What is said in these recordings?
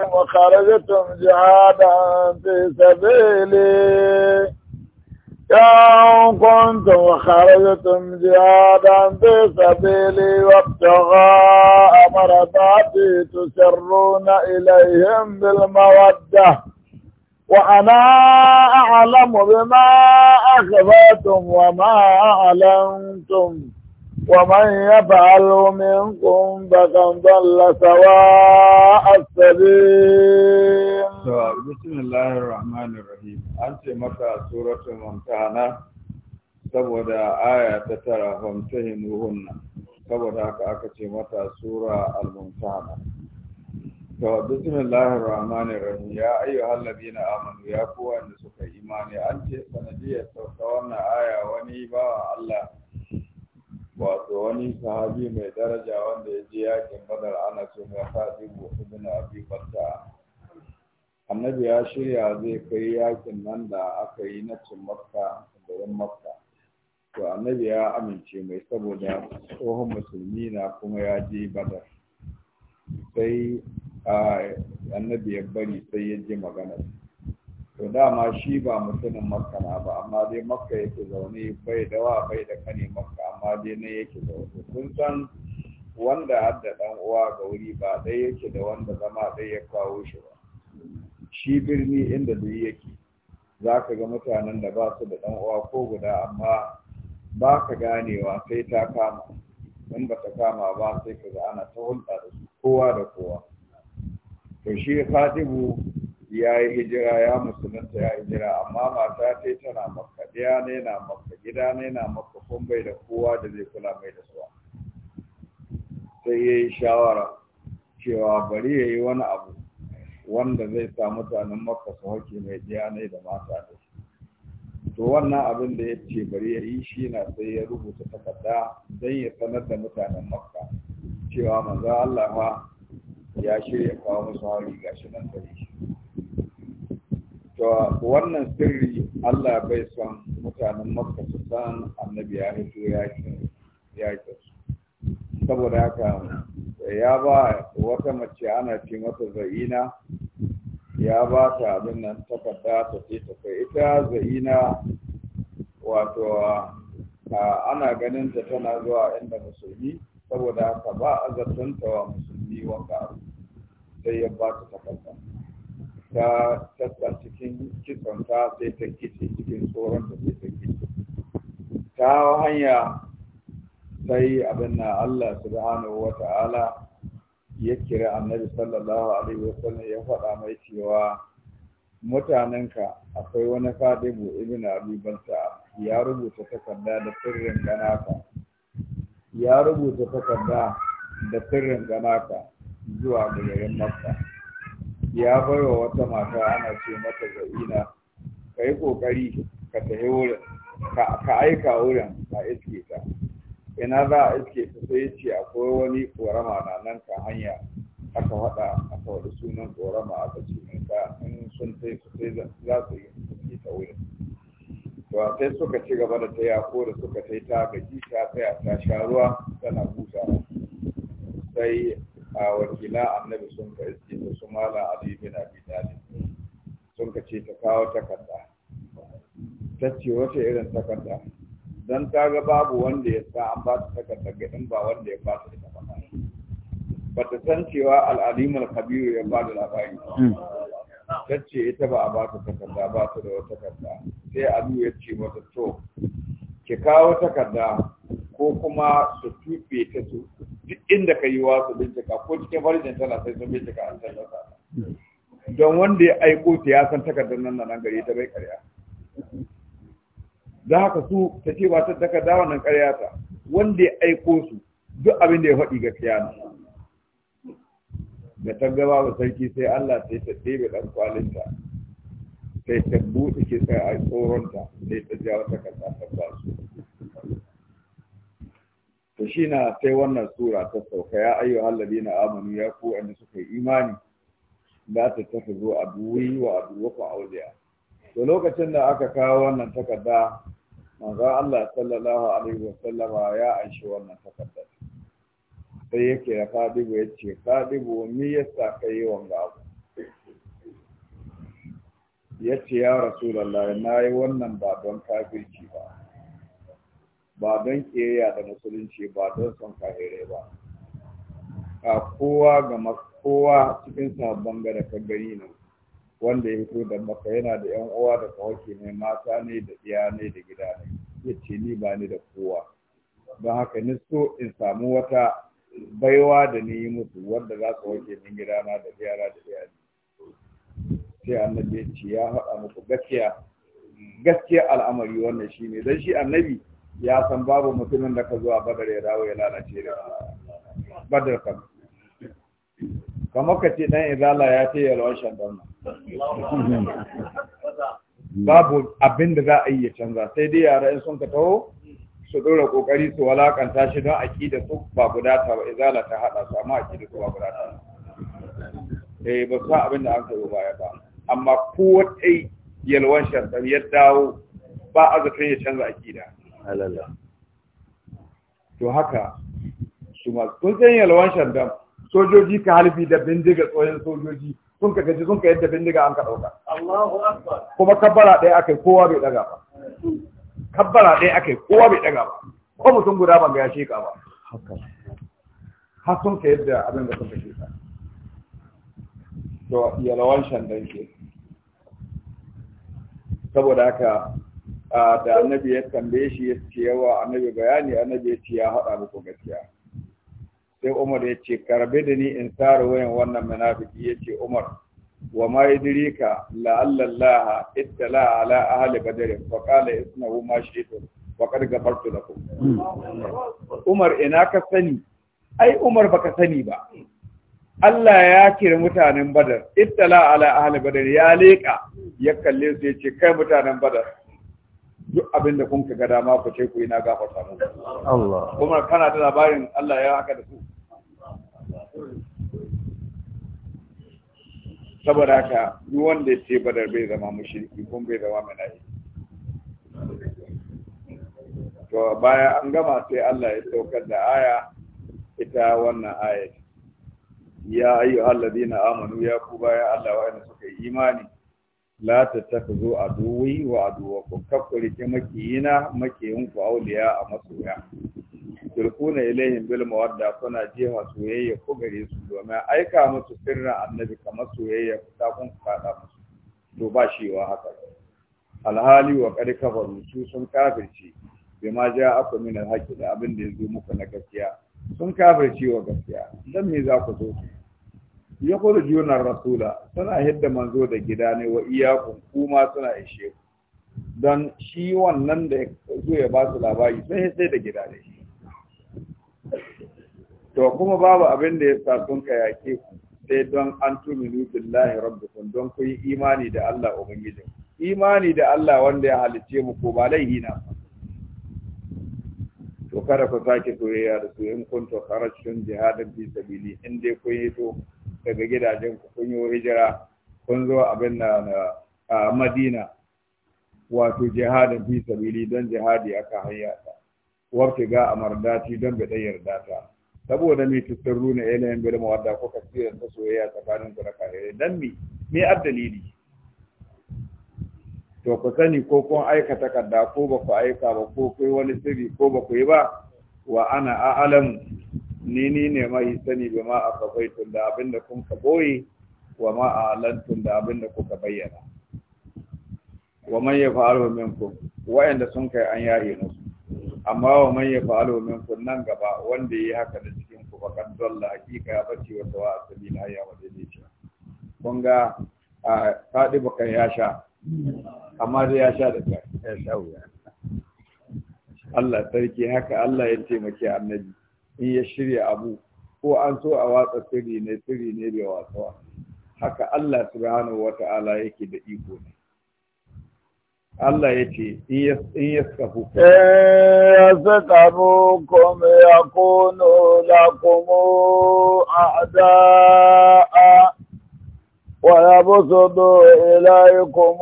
وخرجتم جهادا في سبيلي يا كنتم وخرجتم جهادا في سبيلي وابتغاء مرضاتي تسرون إليهم بالمودة وأنا أعلم بما أخفيتم وما أعلنتم ومن يفعل منكم فقد ضل سواء السبيل بسم الله الرحمن الرحيم أنت مكة سورة ممتحنة saboda aya ta tara famtahinuhunna saboda haka aka ce mata sura al-mumtahana to bismillahir rahmanir rahim ya ayyuhal ladina amanu ya ku wanda suka imani an ce sanadiyar aya wani bawa Allah wato wani sahabi mai daraja wanda ya je yakin badar ana ce mai hadibu ibn abi batta annabi ya shirya zai kai yakin nan da aka yi na cin makka garin makka to annabi ya amince mai saboda tsohon musulmi na kuma ya je badar sai annabi ya bari sai ya ji magana to dama shi ba mutumin makka na ba amma dai makka yake zaune bai da wa bai da kane makka amma dai na yake zaune kun san wanda hadda dan uwa ga wuri ba dai yake da wanda zama dai ya kawo shi ba shi birni inda duk yake zaka ga mutanen da ba su da dan uwa ko guda amma ba ka ganewa sai ta kama in ba ta kama ba sai ka ga ana ta hulɗa da kowa da kowa to shi fatibu ya yi hijira ya musulunta ya hijira amma mata ta tana maka ɗaya ne na maka gida ne na maka kun da kowa da zai kula mai da suwa sai ya yi shawara cewa bari ya yi wani abu wanda zai sa mutanen maka su hauke mai ɗaya ne da mata da shi? to wannan abin da ya ce bari ya yi shi na sai ya rubuta takarda don ya sanar da mutanen maka, cewa manzo Allah fa ya shirya kawo musu hari gashi nan da shi to wannan sirri Allah bai son mutanen Makka su san annabi ya hito ya yakin saboda haka ya ba wata mace ana ce mata za'ina ya ba ta abin nan takarda ta ce ta kai ita za'ina wato ana ganin ta tana zuwa inda musulmi saboda haka ba a zartanta wa musulmi wanka sai ya ba ta takarda ta tasa cikin kitsonta sai ta kice cikin da sai ta kice ta hanya sai abin na Allah subhanahu wa ta'ala ya kira annabi sallallahu alaihi sallam ya faɗa mai cewa mutanenka akwai wani fadimu ibn abi bansa ya rubuta takarda da sirrin ganaka ya rubuta takarda da sirrin ganaka zuwa ga garin makka ya bar wa wata mata ana ce mata za'ina ka yi kokari ka tafi wurin ka aika wurin a iske ta ina za a iske ta sai ya ce akwai wani korama na nan ka hanya aka faɗa aka wada sunan ƙorama aka ce in in sun sai su sai za su yi iske ta wurin to sai suka ci gaba da taya ko da suka tai ta gaji ta tsaya ta sha ruwa tana busa sai a wakila annabi sun ka da su mala ali bin abi talib sun ka ce ta kawo takarda ta ce wata irin takarda don ta ga babu wanda ya sa an ba ta takarda ga in ba wanda ya ba ta da ba ba ta san cewa al'alimul kabiru ya ba da labari hmm. ta ce ita ba a ba ta takarda ba ta da wata takarda sai abu ya ce mata to ki kawo takarda ko kuma su tuɓe ta su duk inda ka yi wa su bincika ko cikin farjin tana sai sun bincika an tallata don wanda ya aiko ta ya san takardar nan nan gari ta bai karya da haka su ta ce ba ta takarda wannan karya ta wanda ya aiko su duk abin da ya faɗi ga ne da ta gaba wa sarki sai Allah sai ta ɗebe ɗan kwalinta sai ta buɗe sai a tsoronta sai ta jawo wata ta ba su to shi na sai wannan sura ta sauka ya ayyu na amanu ya ku wanda suka yi imani ta zo a aduwi wa abubuwan auliya to lokacin da aka kawo wannan takarda manzan Allah sallallahu alaihi wa sallama ya anshi wannan takarda sai yake ya fadibu ya ce fadibu me yasa kai wanga abu ya ce ya rasulallah na yi wannan ba don kafirci ba ba don ƙiyayya da musulunci ba don son kahirai ba a kowa ga kowa cikin sabon gada ka gani wanda ya fito da maka yana da yan uwa da kawaki ne mata ne da iya ne da gida ne ya ce ni ba ni da kowa don haka ni so in samu wata baiwa da ni yi musu wanda za su wake min gidana da yara da ne sai annabi ya ce ya haɗa muku gaskiya gaskiya al'amari wannan shine dan shi annabi ya san babu mutumin da ka zuwa badar ya dawo ya lalace da badar kan kamar ka ce dan izala ya ce yalwan shandan nan babu abin da za a yi ya canza sai dai yara in sun ka taho su dora kokari su walakanta shi don aqida su ba guda ta ba izala ta hada su amma aqida su ba guda ta eh ba sa abin da an koyo baya ba amma ko wata yalwan shandan ya dawo ba azafin ya canza aqida alala to haka su masu kun san yalwan shandam sojoji ka halifi da bindiga tsohon sojoji sun ka gaji sun ka yadda bindiga an ka ɗauka kuma kabbara ɗaya aka yi kowa bai ɗaga ba kabbara ɗaya aka yi kowa bai ɗaga ba ko mutum guda ban ya sheka ba har sun ka yadda abin da sun ka sheka to yalwan shandam ke saboda haka da annabi ya tambaye shi ya ce yawa annabi bayani annabi ya ce ya haɗa muku gaskiya sai umar ya ce karbe da ni in tsara wayan wannan munafiki ya ce umar wa ma yadrika la'alla allah ittala ala ahli badr fa qala isnahu ma shi'tu wa qad ghafartu lakum umar ina ka sani ai umar baka sani ba Allah ya kira mutanen badar ittala ala ahli badar ya leka ya kalle su ya ce kai mutanen badar duk abin da kun ka ga dama ku ce ku yi na gafarta mu Allah kuma kana da labarin Allah ya haka da su saboda haka duk wanda ya ce badar bai zama mushriki kun bai zama nayi to baya an gama sai Allah ya saukar da aya ita wannan aya ya ayyuhal ladina amanu ya ku bayan Allah wa'ana suka yi imani la a aduwwi wa aduwwakum kakkurike makiyina makiyinku auliya a masoya tulkuna ilaihim bil mawadda kuna jiha soyayya ku gare su domin aika musu sirrin annabi kamar soyayya ku ta kun kada musu to ba shi wa haka alhali wa qad kafaru su sun kafirci bima aka min haƙƙi da abin da zo muku na gaskiya sun kafirci wa gaskiya dan me za ku zo su ya kudu junar rasula suna hidda manzo da gida ne wa iyakun kuma suna ishe don shi wannan da zo ya ba su labari sai sai da gida ne to kuma babu abin da ya sa sun kayake sai don an tuminu lahi rabbukum don ku yi imani da Allah ubangijin imani da Allah wanda ya halice mu ko ba laihi na ba to kada ku sake soyayya da su in to kharajtum jihadan fi sabili in dai kun yi to daga gidajen ku kun yi hijira kun zo abin na a Madina wato jihadin fi sabili don jihadi aka hayyata ta wabti ga amardati don bi yarda ta saboda mi tusirru eh, na ilayen bil mawadda ko kasirin ta soyayya tsakanin ku da kare dan mi me addalili to ku sani ko kun aika takarda ko ba ku aika ba ko kai wani sirri ko ba ku yi ba wa ana a'lamu ni ni ne mai sani bi ma tun da da kun ka boye wa ma alantun da abin da kuka bayyana wa man min minkum wa'anda sun kai an yaye musu amma wa man min minkum nan gaba wanda yi haka da cikin ku fa kan dalla hakika ya bace wa sawa sabila ya waje ne shi kun ga kadi bakan ya sha amma zai ya sha da ya sha Allah sarki haka Allah ya taimake annabi in ya shirya abu ko an so a watsa sirri ne sirri ne bai watsuwa haka Allah subhanahu wata'ala yake da iko ne Allah ya ce in ya sabu kuma ya sabu kuma ya kunu lakumu a'da'a ويبسطوا إليكم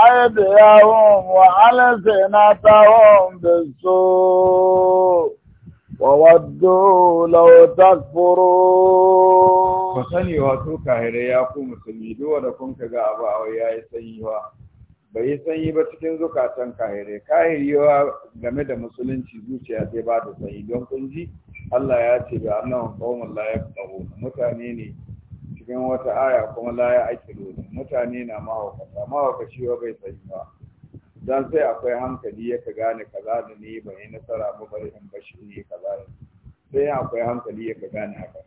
أيديهم وألسنتهم بالسوء وودوا لو تكفرون فسني واتو كاهره يا ku musulmi duk wanda kun kaga abu a yayi sanyi ba bai sanyi ba cikin zukatan kahire kahiriwa game da musulunci zuciya sai ba da sanyi don kun ji Allah ya ce da annabawan qaumun la yaqahu mutane ne cikin wata aya kuma la ya dole. mutane na shi ba bai sanyi ba dan sai akwai hankali ya ka gane kaza da ne ba yi nasara ba bari in bashi ne kaza sai akwai hankali ya ka gane haka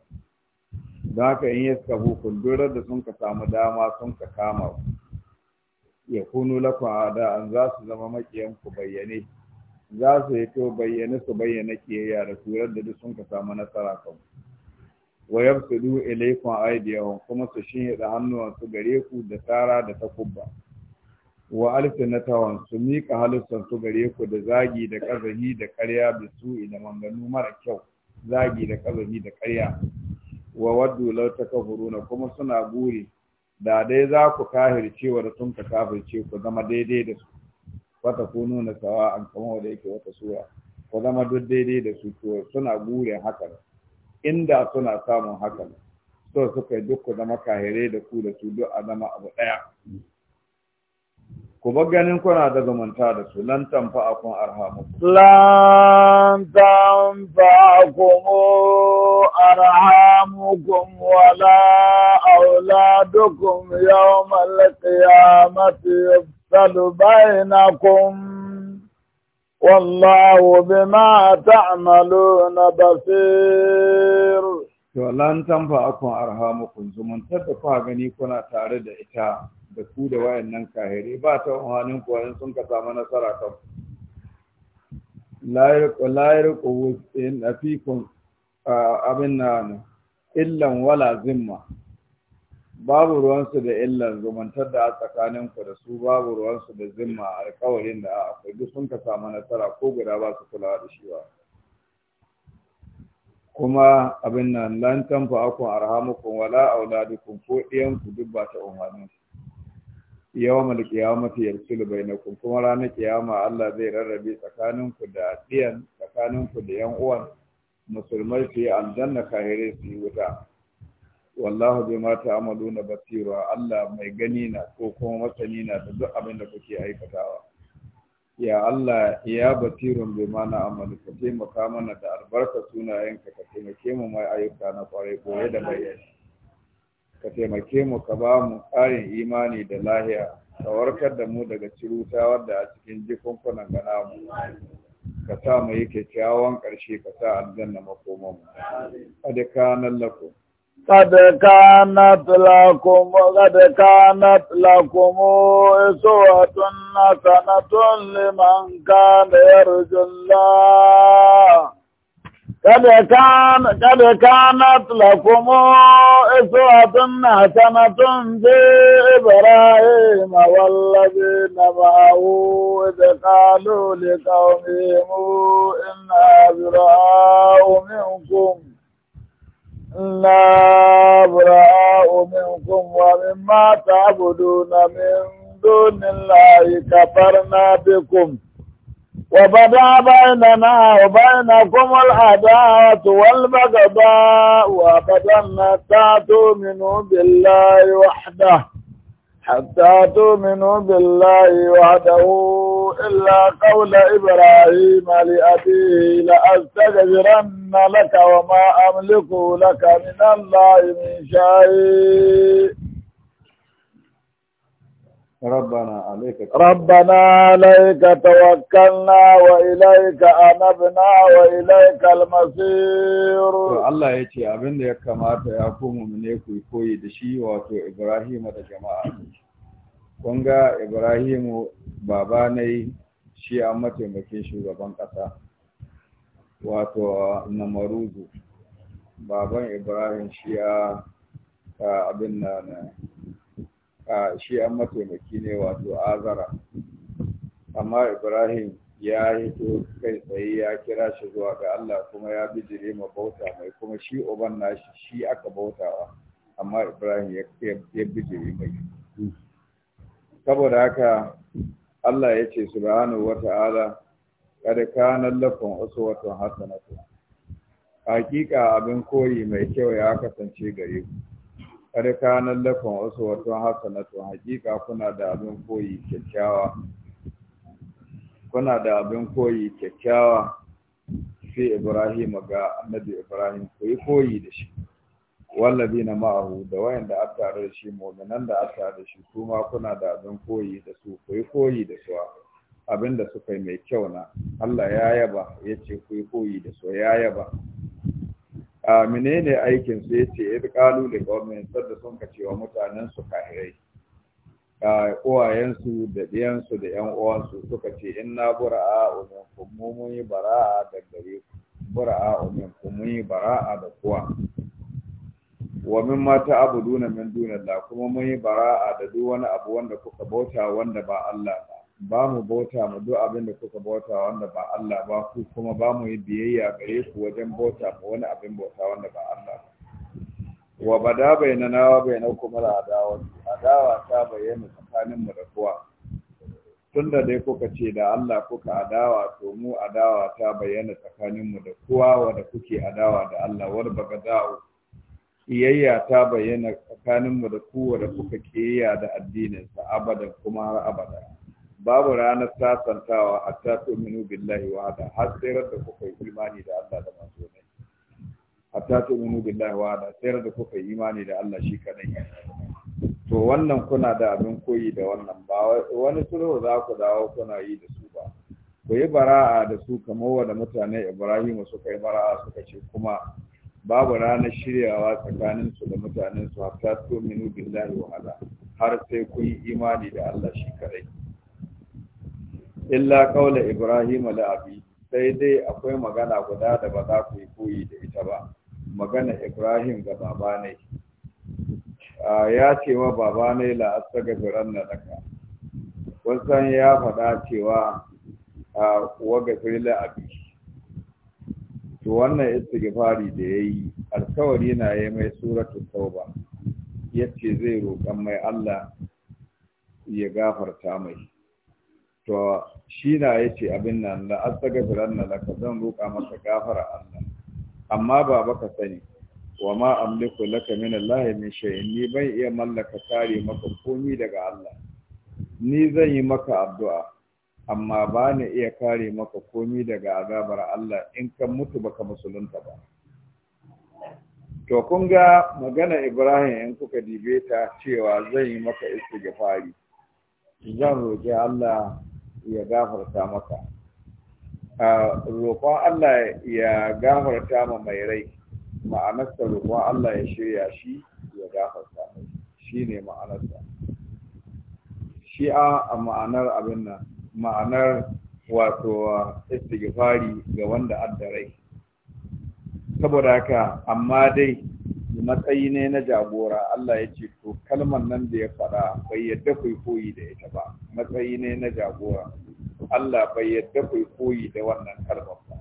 da haka in yaska suka durar da sun ka samu dama sun ka kama ya kunu lakon ada an za su zama makiyan ku bayyane za su yi to bayyane su bayyana kiyayya da turar da duk sun ka samu nasara kan wa yabsudu ilaykum aydiyahum kuma su shinhida hannuwansu gare ku da tara da takubba wa tawan su mika halittar su gare ku da zagi da ƙazahi da ƙarya da su da manganu mara kyau zagi da ƙazahi da ƙarya wa waddu law na kuma suna buri da dai za ku kahirce wa da sun ka kafirce ku zama daidai da su wata ku nuna sawa an kama da yake wata sura ku zama duk daidai da su to suna burin haka inda suna samun haka so suka duk ku zama kahire da ku da su duk a zama abu ɗaya ku bar ganin kuna da zumunta da su lan tamfa akun arhamu lan tamfa akun arhamukum wala auladukum yawmal qiyamati yafsadu bainakum wallahu bima ta'maluna basir to lan tamfa akun arhamukum zumunta da ku gani kuna tare da ita da ku da nan kahiri ba ta umarnin ku wayan sun ka samu nasara kan la yarqu a afikum abin nan illan wala zimma babu ruwansu da illan zumantar da a tsakaninku da su babu ruwansu da zimma alkawarin da akwai duk sun ka samu nasara ko guda ba su kulawa da shi ba kuma abin nan lantan fa akun arhamukum wala auladukum ko ɗiyanku duk ba ta umarnin yawmal qiyamati bai bainakum kuma ranar kiyama Allah zai rarrabe tsakaninku da diyan da yan uwan musulmai su yi aljanna kahirai su yi wuta wallahu bima ta'maluna basira Allah mai gani na ko kuma masani na da duk abin da kuke aikatawa ya Allah ya basirun bima na amalu ka taimaka mana da albarka sunayenka ka taimake mu mai ayyuka na kwarai koye da bayyana ka taimake mu ka ba mu ƙarin imani da lahiya ka warkar da mu daga ciruta wadda a cikin jikunkunan gana mu ka sa mu yi kyakkyawan ƙarshe ka sa aljanna makoma mu kada ka nan kada ka كانت lako mu so لكم أسوة حسنة liman ka da yarjulla قد كان قد كانت لكم إسوة حسنة في إبراهيم والذين معه إذ قالوا لقومهم إنا براء منكم إنا براء منكم ومما تعبدون من دون الله كفرنا بكم وبدا بيننا وبينكم العداوة والبغضاء وبدا حتى تؤمنوا بالله وحده حتى تؤمنوا بالله وحده إلا قول إبراهيم لأبيه لأستغفرن لك وما أملك لك من الله من شيء ربنا عليك ربنا عليك توكلنا وإليك أنبنا وإليك المصير الله يتي أبن يا كما تيقوم من يكوي كوي دشي واتو إبراهيم جماعة كونغا Ibrahimu baba ne shi an mataimakin shugaban ƙasa واتو Namaruzu baban Ibrahim شي ya abin nan shi an mataimaki ne wato azara amma ibrahim ya hito kai tsaye ya kira shi zuwa ga Allah kuma ya bijire ma bauta mai kuma shi uban nashi shi aka bautawa amma ibrahim ya bijire mai saboda haka Allah ya ce subhanahu ala, kada kana wasu uswatun hasanatu hakika abin koyi mai kyau ya kasance gare ku kada kanan wasu wato hasanatu hakika kuna da abin koyi kyakkyawa kuna da abin koyi kyakkyawa fi Ibrahim ga Annabi Ibrahim koyi koyi da shi wallabi na ma'ahu da da aka tare da shi mu'minan da aka tare da shi kuma kuna da abin koyi da su koyi koyi da su abin da suka yi mai kyau na Allah ya yaba ya ce koyi da su ya yaba a menene aikin su yace fi kalu da gwamnati sadda sun ka cewa mutanen su kahirai a uwayen da biyansu, da yan uwansu suka ce inna bura'a uminkum kuma mun yi bara'a a gare ku bura'a kuma mun yi bara'a da kuwa wa min mata abu duna min dunillah kuma mun yi bara'a da duk wani abu wanda kuka bauta wanda ba Allah ba ba mu bauta mu duk abin da kuka bauta wanda ba Allah ba ku kuma ba mu yi biyayya gare ku wajen bauta ma wani abin bauta wanda ba Allah ba wa bada na wa kuma da adawa Adawa ta bayyana tsakanin mu da kowa tunda dai kuka ce da Allah kuka adawa to mu adawa ta bayyana tsakanin mu da kowa wanda kuke adawa da Allah baka bagada'u iyayya ta bayyana tsakanin mu da kowa da kuka kiyaya da addinin sa abada kuma har abada babu ranar sasantawa hatta minu billahi hada har sai da kuka yi imani da Allah da manzo ne hatta minu billahi hada sai da kuka yi imani da Allah shi kadai to wannan kuna da abin koyi da wannan ba wani sulhu za ku dawo kuna yi da su ba ku yi bara'a da su kamar wanda mutanen Ibrahim suka yi bara'a suka ce kuma babu ranar shiryawa tsakanin su da mutanen su hatta minu billahi hada har sai kun yi imani da Allah shi kadan. illa kaula ibrahim da abi sai dai akwai magana guda da ba za ku yi koyi da ita ba magana ibrahim ga baba ne ya ce wa baba ne la astagfiran na daka wasan ya faɗa cewa wa firila abi to wannan istighfari da yayi alkawari na yayi mai suratul tauba yace zai roƙan mai Allah ya gafarta mai to shi na ya ce abin nan la na laka zan roƙa maka gafara Allah amma ba baka sani wa ma amliku laka min Allah min shay'in ni bai iya mallaka kare maka komi daga Allah ni zan yi maka addu'a amma ba ni iya kare maka komi daga azabar Allah in kan mutu baka musulunta ba to kun ga magana Ibrahim in kuka dibe ta cewa zan yi maka istighfari zan roƙi Allah ya gafarta maka roƙon Allah ya gafarta ma mai rai ma'anarsa roƙon Allah ya shirya shi ya gafarta mai shi ne ma'anarsa shi a ma'anar abin nan ma'anar wato uh, istighfari ga wanda adda rai saboda haka amma dai matsayi ne na jagora Allah ya ce to kalmar nan da ya faɗa bai yadda kai koyi da ita ba matsayi ne na jagora Allah bai yadda kai koyi da wannan kalmar ba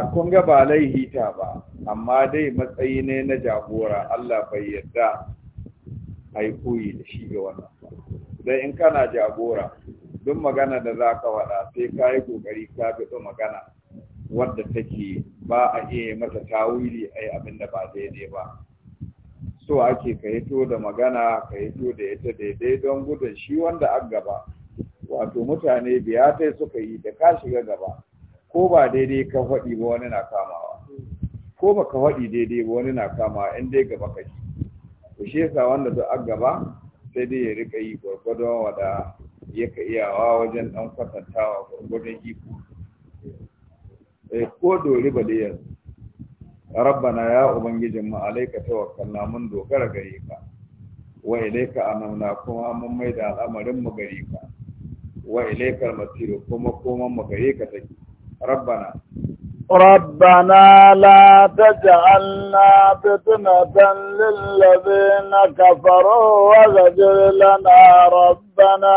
ga kun ga ba laihi ta ba amma dai matsayi ne na jagora Allah bai yadda ai koyi da shi ga wannan ba dan in kana jagora duk magana da zaka faɗa sai ka yi kokari ka bi magana wadda take ba a iya mata tawili a yi abin da ba daidai ba so ake ka hito da magana ka hito da ita daidai don gudun shi wanda an gaba wato mutane biyatai suka yi da ka shiga gaba ko ba daidai ka faɗi ba wani na kamawa ko ba ka faɗi daidai ba wani na kamawa in dai gaba ka shi ku shi yasa wanda duk an gaba sai dai ya rika yi gwargwadon wada ya ka iyawa wajen ɗan kwatantawa gwargwadon iko Eh, ko dole ba dai rabbana ya ubangijin mu alaika tawakkalna mun dogara gare ka wa ilaika anamna kuma mun mai da al'amarin mu gare ka wa ilaikal masir kuma kuma mu gare ka take rabbana la taj'alna fitnatan lil للذين كفروا wa لنا rabbana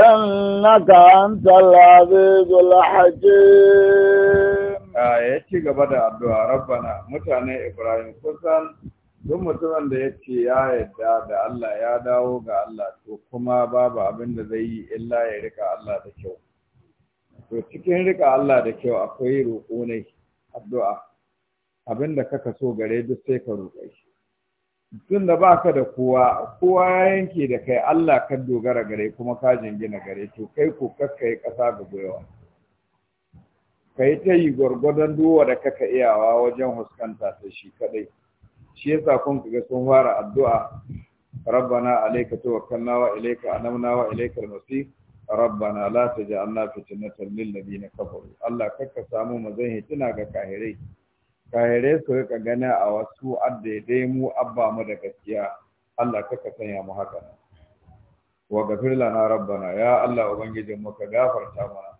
innaka antal azizul hakim ya ci gaba da addu'a rabbana mutanen ibrahim kusan duk mutumin da ya ce ya yarda da Allah ya dawo ga Allah to kuma babu abin da zai yi illa ya rika Allah da kyau to cikin rika Allah da kyau akwai roƙo ne addu'a abin da kaka so gare duk sai ka roƙe shi tun da baka da kowa kowa ya yanke da kai Allah ka dogara gare kuma ka jingina gare to kai ko kaka yi ƙasa ga gwiwa ka yi ta yi gwargwadon duwa da kaka iyawa wajen huskanta ta shi kadai shi yasa kun kaga sun fara addu'a rabbana alayka tawakkalna wa ilayka anamna wa ilayka al rabbana la taj'alna fitnatan lil ladina kafaru Allah kakka samu mazan tuna ga kahirai kayare su rika gani a wasu addaidai mu abba mu da gaskiya Allah kaka sanya mu haka wa gafir lana rabbana ya Allah ubangijin mu ka gafarta mana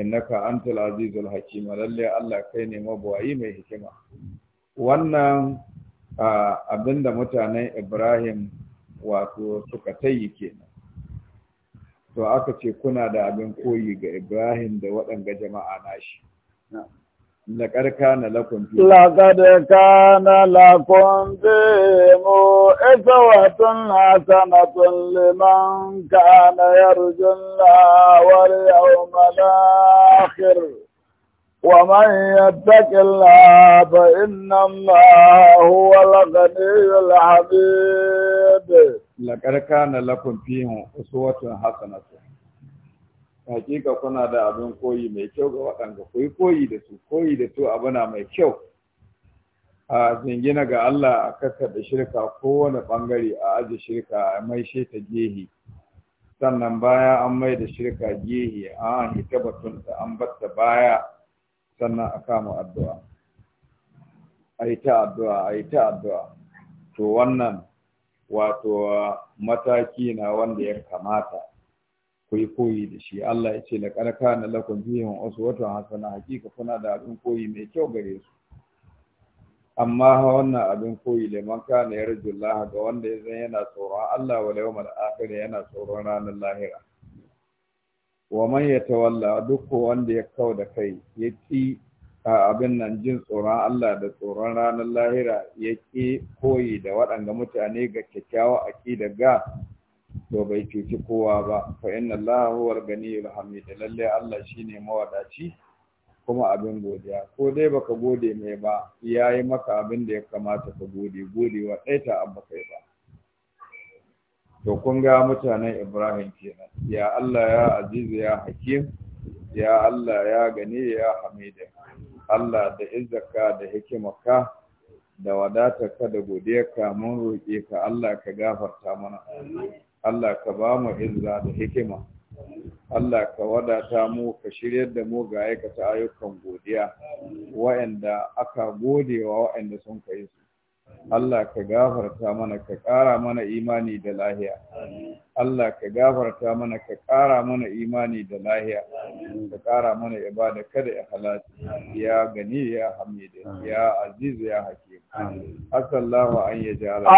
innaka antal azizul hakim lalle Allah kai ne mabuwayi mai hikima wannan abinda mutanen Ibrahim wato suka tayi kenan to aka ce kuna da abin koyi ga Ibrahim da waɗanga jama'a nashi. لقد كان لكم في لقد كان لكم في إسوة حسنة لمن كان يرجو الله واليوم الآخر ومن يتق الله فإن الله هو الغني الحميد لقد كان لكم فيهم أسوة حسنة hakika kuna da abin koyi mai kyau ga waɗanda ku yi koyi da su koyi da su abuna mai kyau a zingina ga Allah a da shirka kowane ɓangare a aji shirka a maishe ta gehi sannan baya an mai da shirka gehi an hita ta an batta baya sannan a kama addu'a a yi ta addu'a a yi ta addu'a to wannan wato mataki na wanda ya kamata ku yi koyi da shi Allah ya ce la karka na lakum fihim uswatu hasana hakika kuna da abin koyi mai kyau gare su amma wannan abin koyi da man kana yarjullaha ga wanda ya yana tsoron Allah wa yawmal akhir yana tsoron ranar lahira wa man yatawalla duk wanda ya kau da kai ya ci abin nan jin tsoron Allah da tsoron ranar lahira ya ki koyi da waɗanda mutane ga kyakkyawa da ga to bai cuci kowa ba fa inna allaha huwal ganiyul hamid lalle allah shine mawadaci kuma abin godiya ko dai baka gode mai ba yayi maka abin da ya kamata ka gode godewa dai ta abba kai ba to kun ga mutanen ibrahim kenan ya allah ya azizu ya hakim ya allah ya gani ya hamida allah da izzaka da hikimarka da wadatarka da godiyarka mun roƙe ka allah ka gafarta mana Allah ka ba mu izza da hikima Allah ka wadata mu ka shiryar da mu ga aikata ayyukan godiya wa'anda aka godewa wa'anda sun kai su Allah ka gafarta mana ka ƙara mana imani da lahiya Allah ka gafarta mana ka ƙara mana imani da lahiya ka ƙara mana ibada kada ya ya gani ya hamida ya aziz ya hakim Asallahu an yă ji ala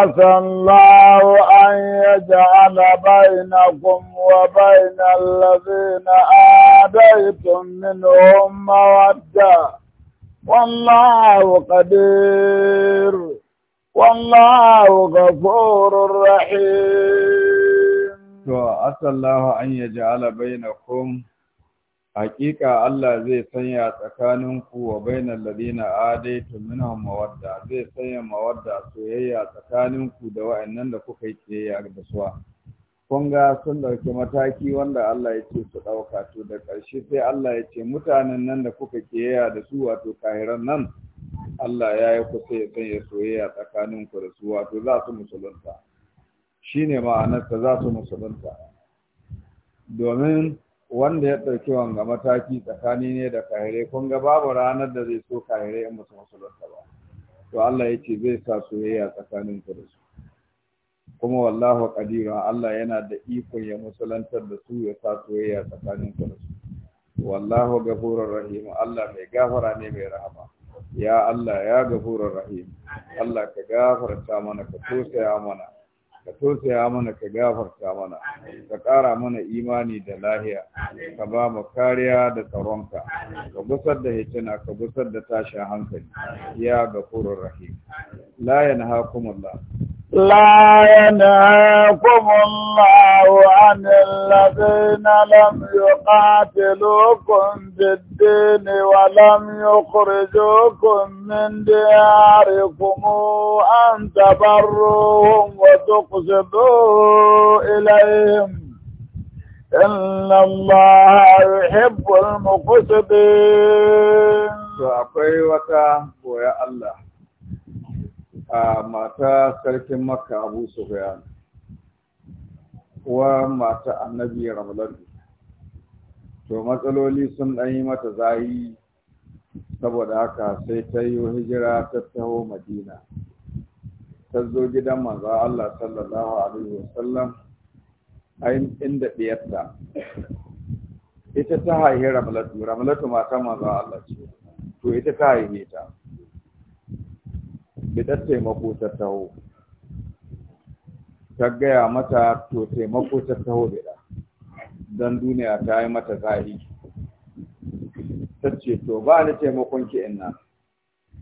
bayina kuma bayina lalazina a dai tun nino mawadda. Wallahu Kadir, wallahu gafurur rahim. To, asallahu an yă ji ala bayina kuma. hakika Allah zai sanya tsakaninku wa bainal ladina adaitu minhum mawadda zai sanya mawadda soyayya tsakaninku da wa'annan da kuka yi kiyayya da su kun ga sun dauki mataki wanda Allah ya ce su dauka to da ƙarshe sai Allah ya ce mutanen nan da kuka kiyaya da su wato kahiran nan Allah ya yi kusa ya sanya soyayya tsakaninku da su wato za su musulunta shine ma'anarsa za su musulunta domin wanda ya ɗauki wanga mataki tsakani ne da kahire kun ga babu ranar da zai so kahire in musu musulunta ba to Allah ya ce zai sa soyayya tsakanin ku da su kuma wallahu qadira Allah yana da ikon ya musulantar da su ya sa soyayya tsakanin ku da su wallahu ghafurur rahim Allah mai gafara ne mai rahama ya Allah ya ghafurur rahim Allah ka gafarta mana ka tosaya mana ka tosaya mana ka gafarta mana ka ƙara mana imani da lahiya ka ba mu kariya da tsaronka ka gusar da hitina ka gusar da tashin hankali ya ga rahim la yanhaakumullah لا ينهاكم الله عن الذين لم يقاتلوكم بالدين ولم يخرجوكم من دياركم أن تبروهم وتقصدوا إليهم إن الله يحب المقصدين. فأقوي وتا الله a mata sarkin makka abu sufyan wa mata annabi ramadan to matsaloli sun ɗan yi mata zahi saboda haka sai ta yi hijira ta taho madina ta zo gidan manzo Allah sallallahu alaihi wasallam a inda ɗiyarta ita ta haihi ramlatu ramlatu mata manzo Allah ce to ita ta haihe ta bidar taimako ta taho ta gaya mata to taimako ta taho bida don duniya ta yi mata zahi ta ce to ba ni taimakon ki inna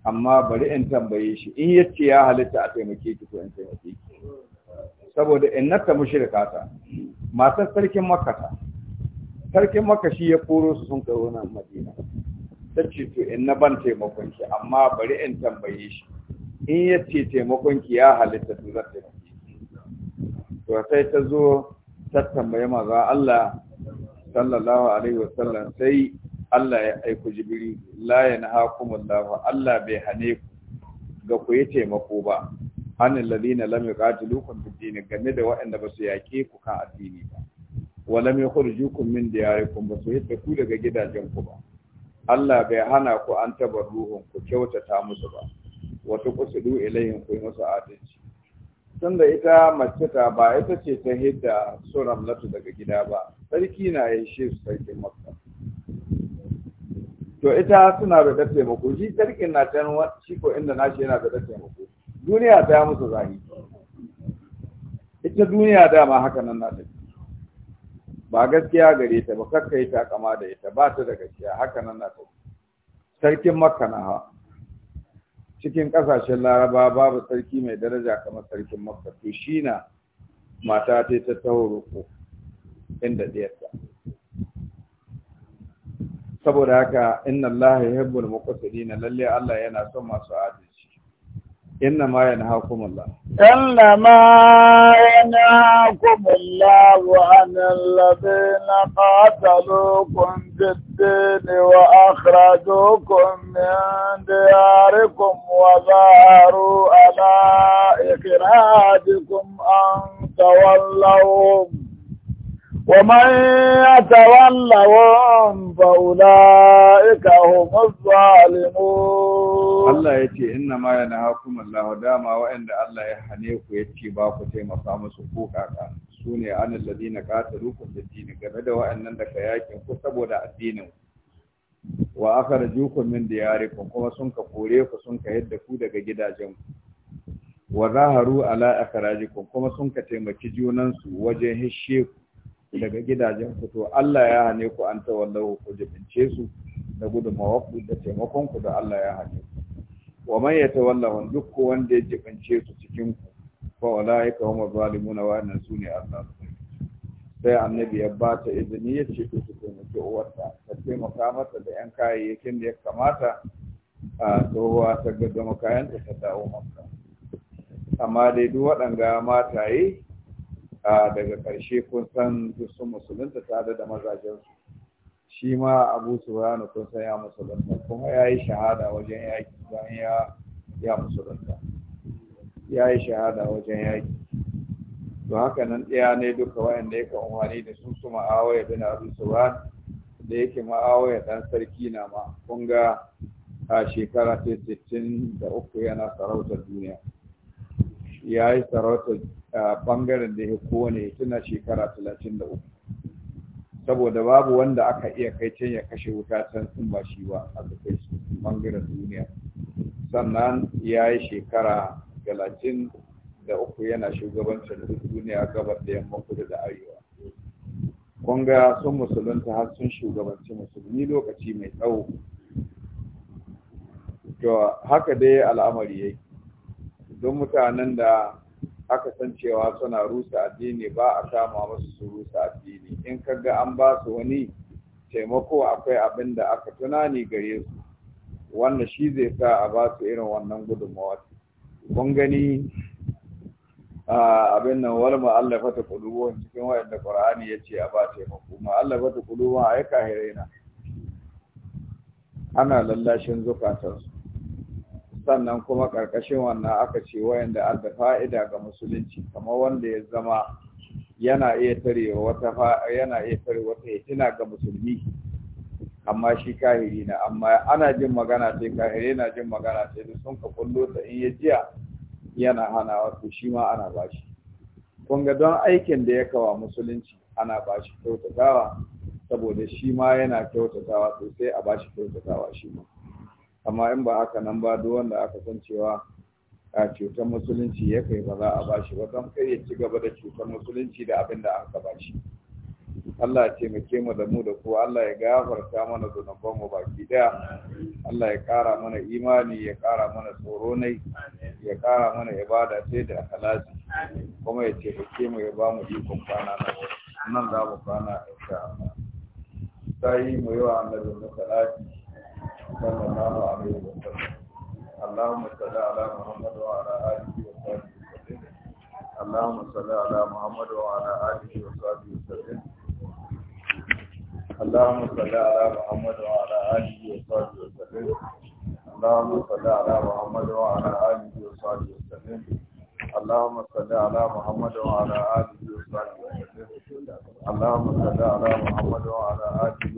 amma bari in tambaye shi in yace ya halitta a taimake ki ko in taimake ki saboda innata mushrika ta matar sarkin makka sarkin makka shi ya koro su sun karo nan madina ta ce to in na ban taimakon ki amma bari in tambaye shi in ya ce taimakon ki ya halitta to za ta to sai ta zo ta tambaye maza Allah sallallahu alaihi wasallam sai Allah ya aiko jibiri la yanhaakumullahu Allah bai hane ku ga ku yi taimako ba anil ladina lam yuqatilukum fid din game da waɗanda ba su yake ku kan addini ba wa lam yukhrijukum min diyarikum ba su yadda ku daga gidajen ku ba Allah bai hana ku an tabarruhun ku kyautata musu ba wata kusudu ilayin ku yi musu adalci tunda ita mace ta ba ita ce ta hidda su ramlatu daga gida ba sarki na yin shi su sarkin makka to ita suna da mako shi sarkin na can shi ko inda shi yana da mako duniya ta musu zahi ita duniya dama haka nan na tafi ba gaskiya gare ta ba kakkai ta kama da ita ba ta da gaskiya haka nan na tafi sarkin makka na hawa cikin ƙasashen laraba babu sarki mai daraja kamar sarkin makka to shi na mata ta ta taho inda ɗiyarta saboda haka inna allaha yuhibbul dina! lalle allah yana son masu aji." inna ma yana hakumallah inna ma yana hakumallah wa anil ladina qatalukum biddin wa akhrajukum min diyarikum wa zaharu ala ikrajikum an tawallawum ومن يتولهم فأولئك هم الظالمون الله يتي إنما ينهاكم الله داما وإن الله يحنيك يتي باكو تيما سامس حقوقك سوني أنا الذين قاتلوكم بالدين قبل وأن عندك ياكم كتبوا الدين wa akhrajukum min diyarikum kuma sun ka kore ku sun ka yadda ku daga gidajen wa zaharu ala akhrajikum kuma sun daga gidajen ku to Allah ya hane ku an tawallahu ku jibince su da gudunmawar ku da taimakon ku da Allah ya hane ku wa man yatawallahu duk wanda ya jibince su cikin ku fa ulaika huma zalimuna wa annan sune Allah sai annabi ya ba ta izini ya ce ku taimaki uwarta ta taimaka mata da yan kayayyakin da ya kamata a tsohuwa ta gaggama kayanta ta dawo maka amma dai duk waɗanga mataye daga ƙarshe kun san duk sun musulunta tare da mazajensu shi ma abu subhanahu kun san ya musulunta kuma ya yi shahada wajen yaƙi bayan ya ya musulunta ya yi shahada wajen yaƙi to haka nan ɗaya ne duka wayanda ya kan umarni da sun su ma'awaya bin abu subhanahu da yake ma'awaya ɗan sarki na ma kun ga a shekara ta sittin da uku yana sarautar duniya ya yi sarautar bangaren da ya kowane ya tuna shekara talatin da uku saboda babu wanda aka iya kai can ya kashe wuta can in ba shi ba a kai su bangaren duniya sannan ya yi shekara talatin da uku yana shugabancin duniya gabar da yamma kudu da arewa kunga sun musulunta har sun shugabanci musulmi lokaci mai tsawo to haka dai al'amari yake don mutanen da aka san cewa suna rusa addini ba a kama musu su rusa addini in kaga an ba su wani taimako akwai abin da aka tunani gare su wanda shi zai sa a ba su irin wannan gudunmawa kun gani abin nan wal ma'allafa ta kulubuwan cikin wayanda qur'ani ya ce a ba taimako ma'allafa ta kulubuwan ai kahiraina ana lallashin zukatansu sannan kuma ƙarƙashin wannan aka ce wayanda an da fa'ida ga musulunci kamar wanda ya zama yana iya tare wata yana iya tare wata ga musulmi amma shi kahiri na amma ana jin magana sai kahiri na jin magana sai da sun ka kullo ta in ya jiya yana hana wasu shi ma ana bashi kun ga don aikin da ya kawa musulunci ana bashi kyautatawa saboda shi ma yana kyautatawa sosai a bashi kyautatawa shi ma amma in ba aka nan ba duk wanda aka san cewa a cutar musulunci ya kai ba za a ba shi ba don kai ya ci gaba da cutar musulunci da abin da aka shi. Allah ya taimake mu da mu da ku. Allah ya gafarta mana zunuban mu baki daya Allah ya kara mana imani ya kara mana tsoro ne ya kara mana ibada sai da akhlasi kuma ya taimake mu ya ba mu ikon kwana na nan za mu kwana insha Allah sai mu yi wa mu salati صلى الله عليه وسلم اللهم صل على محمد وعلى آله وصحبه وسلم اللهم صل على محمد وعلى آله وصحبه وسلم اللهم صل على محمد وعلى آله وصحبه وسلم اللهم صل على محمد وعلى آله وصحبه وسلم اللهم صل على محمد وعلى آله وصحبه وسلم اللهم صل على محمد وعلى آله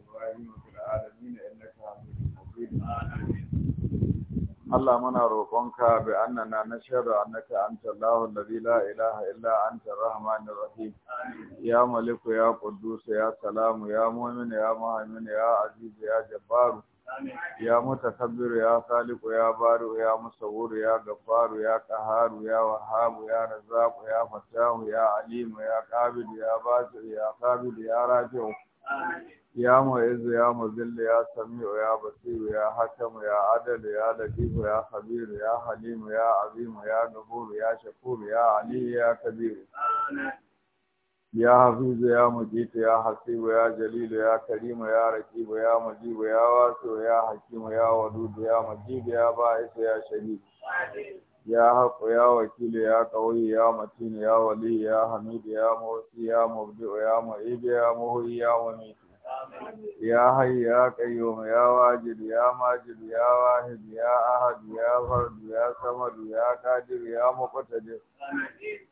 Allah muna roƙonka bi annana nashhadu annaka anta tallahu alladhi la ilaha illa anta arrahmanir rahim ya maliku ya Kudusa ya salamu ya mu'min ya muhaimin ya Azizu ya jabbar ya mutakabbir ya saliku ya baru ya musawwir ya gafaru ya ƙaharu ya Wahabu ya Razaku ya fattah ya alimu ya qabid ya basiru ya qabil ya rafi'u ya mu'izzu ya muzillu ya sami'u ya basiru ya hakamu ya adalu ya latifu ya khabiru ya halimu ya azimu ya ghafuru ya shakuru ya aliyu ya kabiru ya hafizu ya mujitu ya hasibu ya jalilu ya karimu ya rakibu ya mujibu ya wasu ya hakimu ya wadudu ya majibu ya ba'isu ya shahidu ya haƙo ya wakili ya ƙauyi ya matini ya wali ya hamidu ya mawasi ya mabdu ya ma'idu ya muhi ya wani يا حي يا قيوم يا واجد يا ماجد يا واحد يا أحد يا فرد يا صمد يا قادر يا مقتدر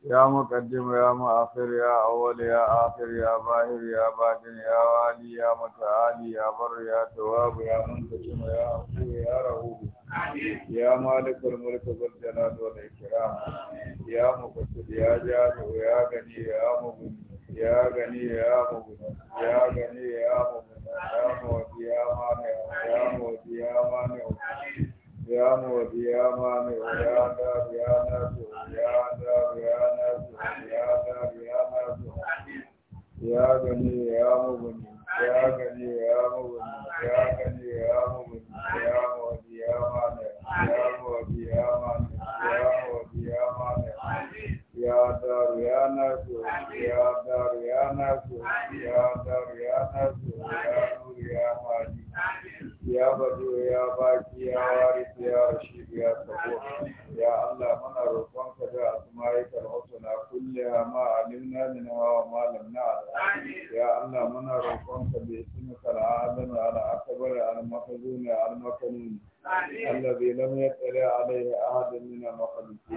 يا مقدم يا مؤخر يا أول يا آخر يا ظاهر يا باطن يا والي يا متعالي يا بر يا تواب يا منتجم يا عفو يا رؤوف يا مالك الملك والجلال والإكرام يا مقتدر يا جاد يا غني يا مغني ya gani ya mugunta ya gani ya mugunta ya mugunta ya mugunta ya mugunta ya mugunta ya mugunta ya mugunta ya mugunta ya mugunta ya mugunta ya mugunta ya gani ya mugunta ya gani ya mugunta ya gani ya mugunta ya mugunta ya mugunta ya mugunta ya mugunta ya Ya dar ya nasu, ya dar ya nasu, ya dar ya nasu, ya nur ya mahdi. Ya bado ya baki ya wari ya rashid ya sabo. Ya Allah muna roƙonka da asma'ikal na kulle ma alimna minha wa malam na na'lam. Ya Allah muna kar bi ismikal azam al akbar al mahzun al makanun. الذي لم يطلع عليه أحد nuna المخلوقين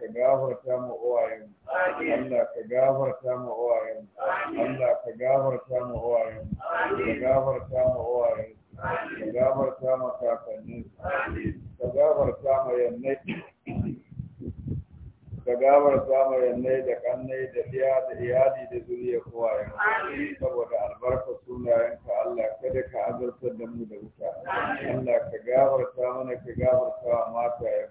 ka gafarta mu uwayen Allah ka gafarta mu uwayen Allah ka gafarta mu uwayen ka gafarta mu uwayen ka gafarta mu ka gafarta mu yannai ka gabar samun yannai da kannai da ɗiya da iyali da zuriya kowa yanzu saboda albarka sunayenka Allah kada ka azartar da mu da wuta Allah ka gabarta mana ka gabar wa matayen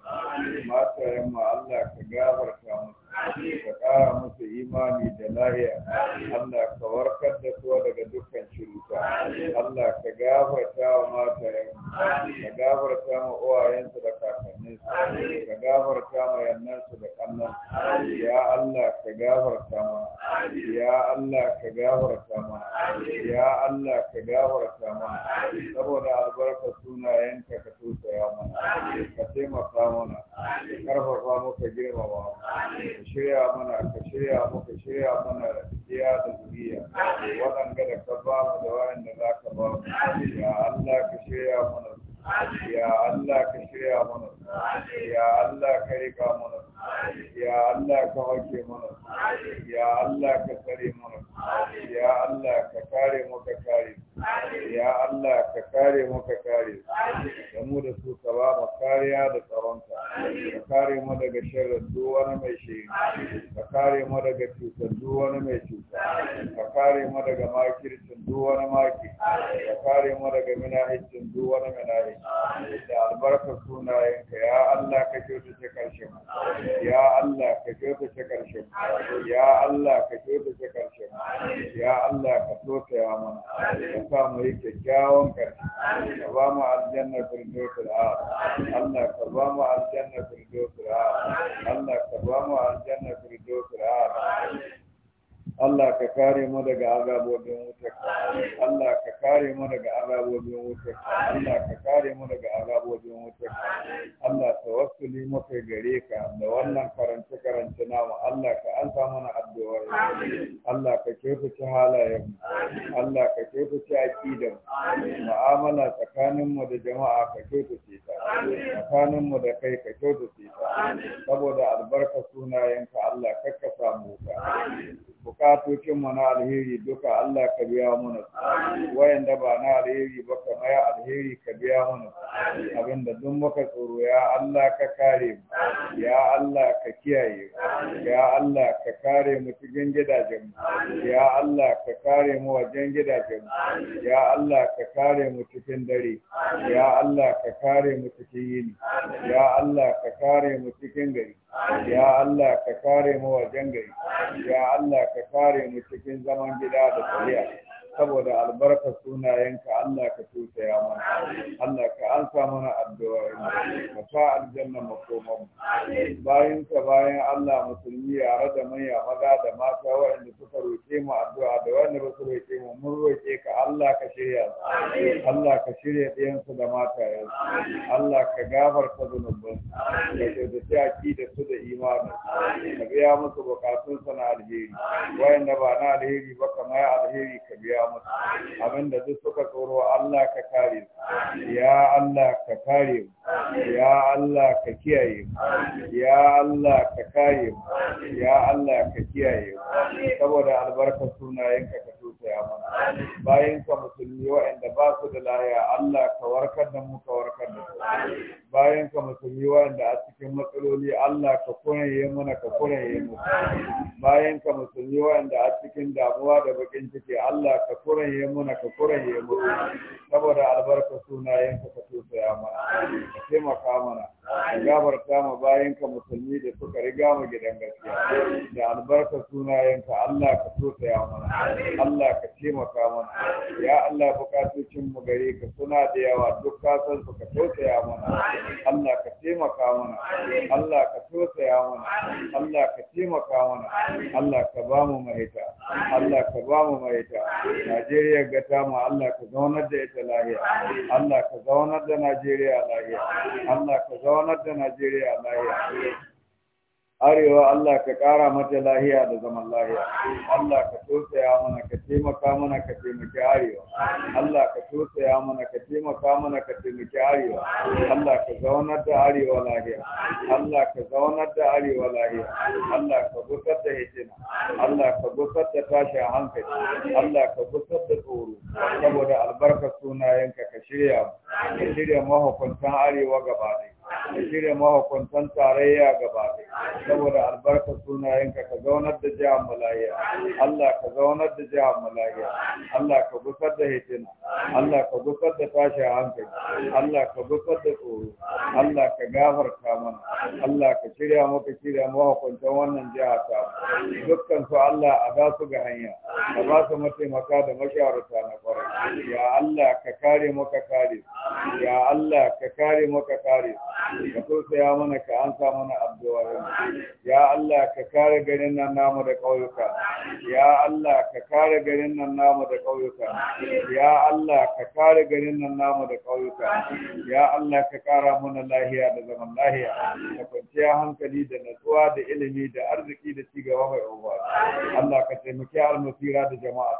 matayen ma Allah ka gabarta musu ka ƙara musu imani da lahiya Allah ka warkar da su daga dukkan ciruta Allah ka gafarta wa matayen ka gafarta ma uwayensu da kakanninsu ka gafarta ma yannansu da kannan ya Allah ka gafarta ma ya Allah ka gafarta ma ya Allah ka gafarta ma saboda albarka sunayenka ka tusaya mana ka taimaka mana ka karfafa muka girmama shirya mana ka shirya muka shirya mana iya da zuriya waɗanda da ka ba mu da waɗanda za ka ba mu ya Allah ka shirya mana ya Allah ka shirya mana ya Allah ka rika mana ya Allah ka hake mana ya Allah ka tsare mana ya Allah ka kare mu ka kare mu ya Allah ka kare mu ka kare da mu da su ka ba mu kariya da tsaronka ka kare mu daga sharrin duk wani mai shi ka kare mu daga cutar duk wani mai cuta ka kare mu daga makircin duk wani maki ka kare mu daga minahicin duk wani minahi da albarkar ka ya Allah ka kyautace karshen ya Allah ka kyautace karshen ya Allah ka kyautace karshen ya Allah ka tota ya mana sa mu yi kyakkyawan ƙarshe ka ba mu aljanna firdausul Allah ka ba mu aljanna firdausul Allah ka ba mu aljanna firdausul Allah ka kare mu daga azabobin wutar Allah ka kare mu daga azabobin wutar Allah ka kare mu daga azabobin wutar Allah tawassuli muka gare ka da wannan karanta-karanta namu Allah ka ansa mana addu'a Allah ka kyautace halayen Allah ka kyautace aqidar mu'amala tsakanin mu da jama'a ka kyautace ta tsakanin mu da kai ka kyautace ta saboda albarka sunayenka Allah kakka samu ka bukatokin mu na alheri duka Allah ka biya mana wayanda ba na alheri ba ka maya alheri ka biya mana abinda duk muka tsoro ya Allah ka kare mu ya Allah ka kiyaye mu ya Allah ka kare mu cikin gidajen mu ya Allah ka kare mu wajen gidajen mu ya Allah ka kare mu cikin dare ya Allah ka kare mu cikin yini ya Allah ka kare mu cikin gari ya Allah ka kare mu wajen gari ya Allah ka kare mu cikin zaman gida da tsariya saboda albarka sunayenka Allah ka tusaya mana Allah ka ansa mana addu'a ka sa aljanna makoman bayan ka bayan Allah musulmi yare da manya maza da mata waɗanda suka roƙe mu addu'a da wanda ba su mu mun ka Allah ka shirya Allah ka shirya ɗiyansu da matayen Allah ka gafarta zunubin da da jaki da su da imani ka biya musu bukatunsa na alheri wayanda ba na alheri ba kamar alheri ka biya musu da duk suka tsoro Allah ka kare su ya Allah ka kare mu ya Allah ka kiyaye mu ya Allah ka kare mu ya Allah ka kiyaye mu saboda albarkar sunayenka ka tausaya mana bayan ka musulmi waɗanda ba su da lahiya Allah ka warkar da mu ka warkar da su bayan ka musulmi waɗanda a cikin matsaloli Allah ka koyaye mana ka koyaye mu bayan ka musulmi waɗanda a cikin damuwa da bakin ciki Allah ka koyaye mana ka koyaye mu saboda albarka sunayen ka ka tausaya mana ka taimaka mana ka gabarta bayan ka musulmi da suka riga mu gidan gaskiya da albarka sunayenka Allah ka ta ya mana Allah ka taimaka mana ya Allah bukatocin mu gare ka suna da yawa duk ka san su ka ta ya mana Allah ka taimaka mana Allah ka ta ya mana Allah ka taimaka mana Allah ka ba mu mahita Allah ka ba mu mahita Najeriya ga ta mu Allah ka zaunar da ita lahiya Allah ka zaunar da Najeriya lahiya Allah ka zaunar gabanar da Najeriya lahiya. Arewa Allah ka ƙara mata lahiya da zaman lahiya. Allah ka tosaya mana ka taimaka mana ka taimaki Arewa. Allah ka tosaya mana ka taimaka mana ka taimaki Arewa. Allah ka zaunar da Arewa lahiya. Allah ka zaunar da Arewa lahiya. Allah ka gusar da hitina. Allah ka gusar da tashi a hankali. Allah ka gusar da tsoro. Saboda albarkar sunayenka ka shirya ka shirya mahukuntan Arewa gaba ɗaya. da shirya mahaukuntan tarayya gaba saboda albarka sunayenka ka zaunar da jihar malayya Allah ka zaunar da jihar malayya Allah ka gusar da hitina Allah ka gusar da a hankali Allah ka gusar da tsoro Allah ka gafarta mana Allah ka shirya maka shirya mahaukuntan wannan jihar ta dukkan su Allah a za su ga hanya ka ba su mataimaka da mashawarta na ya Allah ka kare mu kare ya Allah ka kare mu kare ka tausaya mana ka ansa mana addu'a ya Allah ka kare garin nan namu da kauyuka ya Allah ka kare garin nan namu da kauyuka ya Allah ka kare garin nan namu da kauyuka ya Allah ka kara mana lahiya da zaman lahiya da kwanciya hankali da natsuwa da ilimi da arziki da cigaba mai uwa Allah ka taimaki almasira da jama'a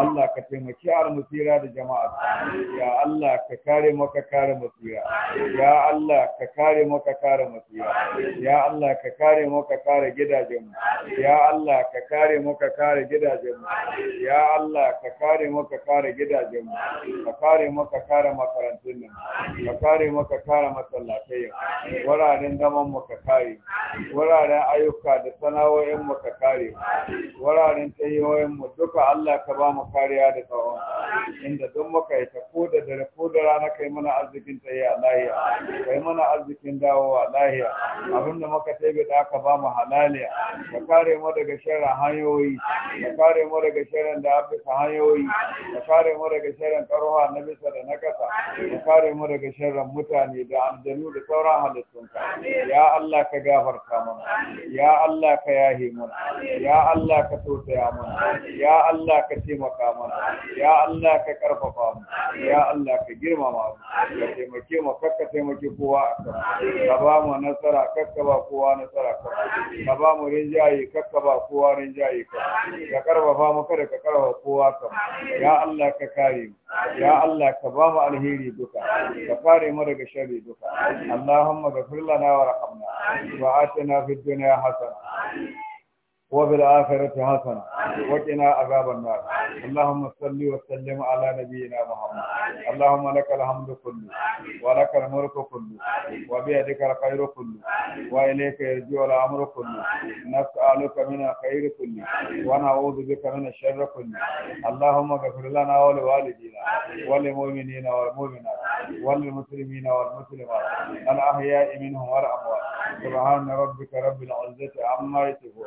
Allah ka taimaki kare mu da jama'a ya Allah ka kare mu ka kare mu ya Allah ka kare mu ka kare mu ya Allah ka kare mu ka kare gidajen mu ya Allah ka kare mu ka kare gidajen mu ya Allah ka kare mu ka kare gidajen mu ka kare mu ka kare makarantun mu ka kare mu ka kare masallatai wuraren zaman mu ka kare wuraren ayyuka da sana'o'in mu ka kare wuraren tayoyin mu duka Allah ka ba mu kariya da tsawon inda don makaita ko da dare ko da rana kai mana arzikin tsaye a lahiya kai mana arzikin dawowa lahiya abin da maka taibe da aka ba mu halaliya ka kare mu daga sharan hanyoyi ka kare mu daga sharan da abisa hanyoyi ka kare mu daga sharan karuwa na bisa da na kasa ka kare mu daga sharan mutane da aljanu da sauran halittunka ya Allah ka gafarta mana ya Allah ka yahe mana ya Allah ka tausaya mana ya Allah ka taimaka mana ya ya Allah ka karfafa mu ya Allah ka girmama mu ka taimake mu kakka taimake kowa ka ba mu nasara kakka ba kowa nasara ka ba mu rinjaye kakka ba kowa rinjaye ka ka karfafa mu kada ka karfafa kowa ka ya Allah ka kare mu ya Allah ka ba mu alheri duka ka kare mu daga sharri duka Allahumma ghfir lana warhamna wa atina fid dunya hasana وفي الآخرة حسنة وقنا عذاب النار اللهم صل وسلم على نبينا محمد اللهم لك الحمد كله ولك الملك كله وبيدك الخير كله وإليك يرجع الأمر كله نسألك من الخير كله ونعوذ بك من الشر كله اللهم اغفر لنا ولوالدينا وللمؤمنين والمؤمنات وللمسلمين والمسلمات الأحياء منهم والأموات سبحان ربك رب العزة عما يصفون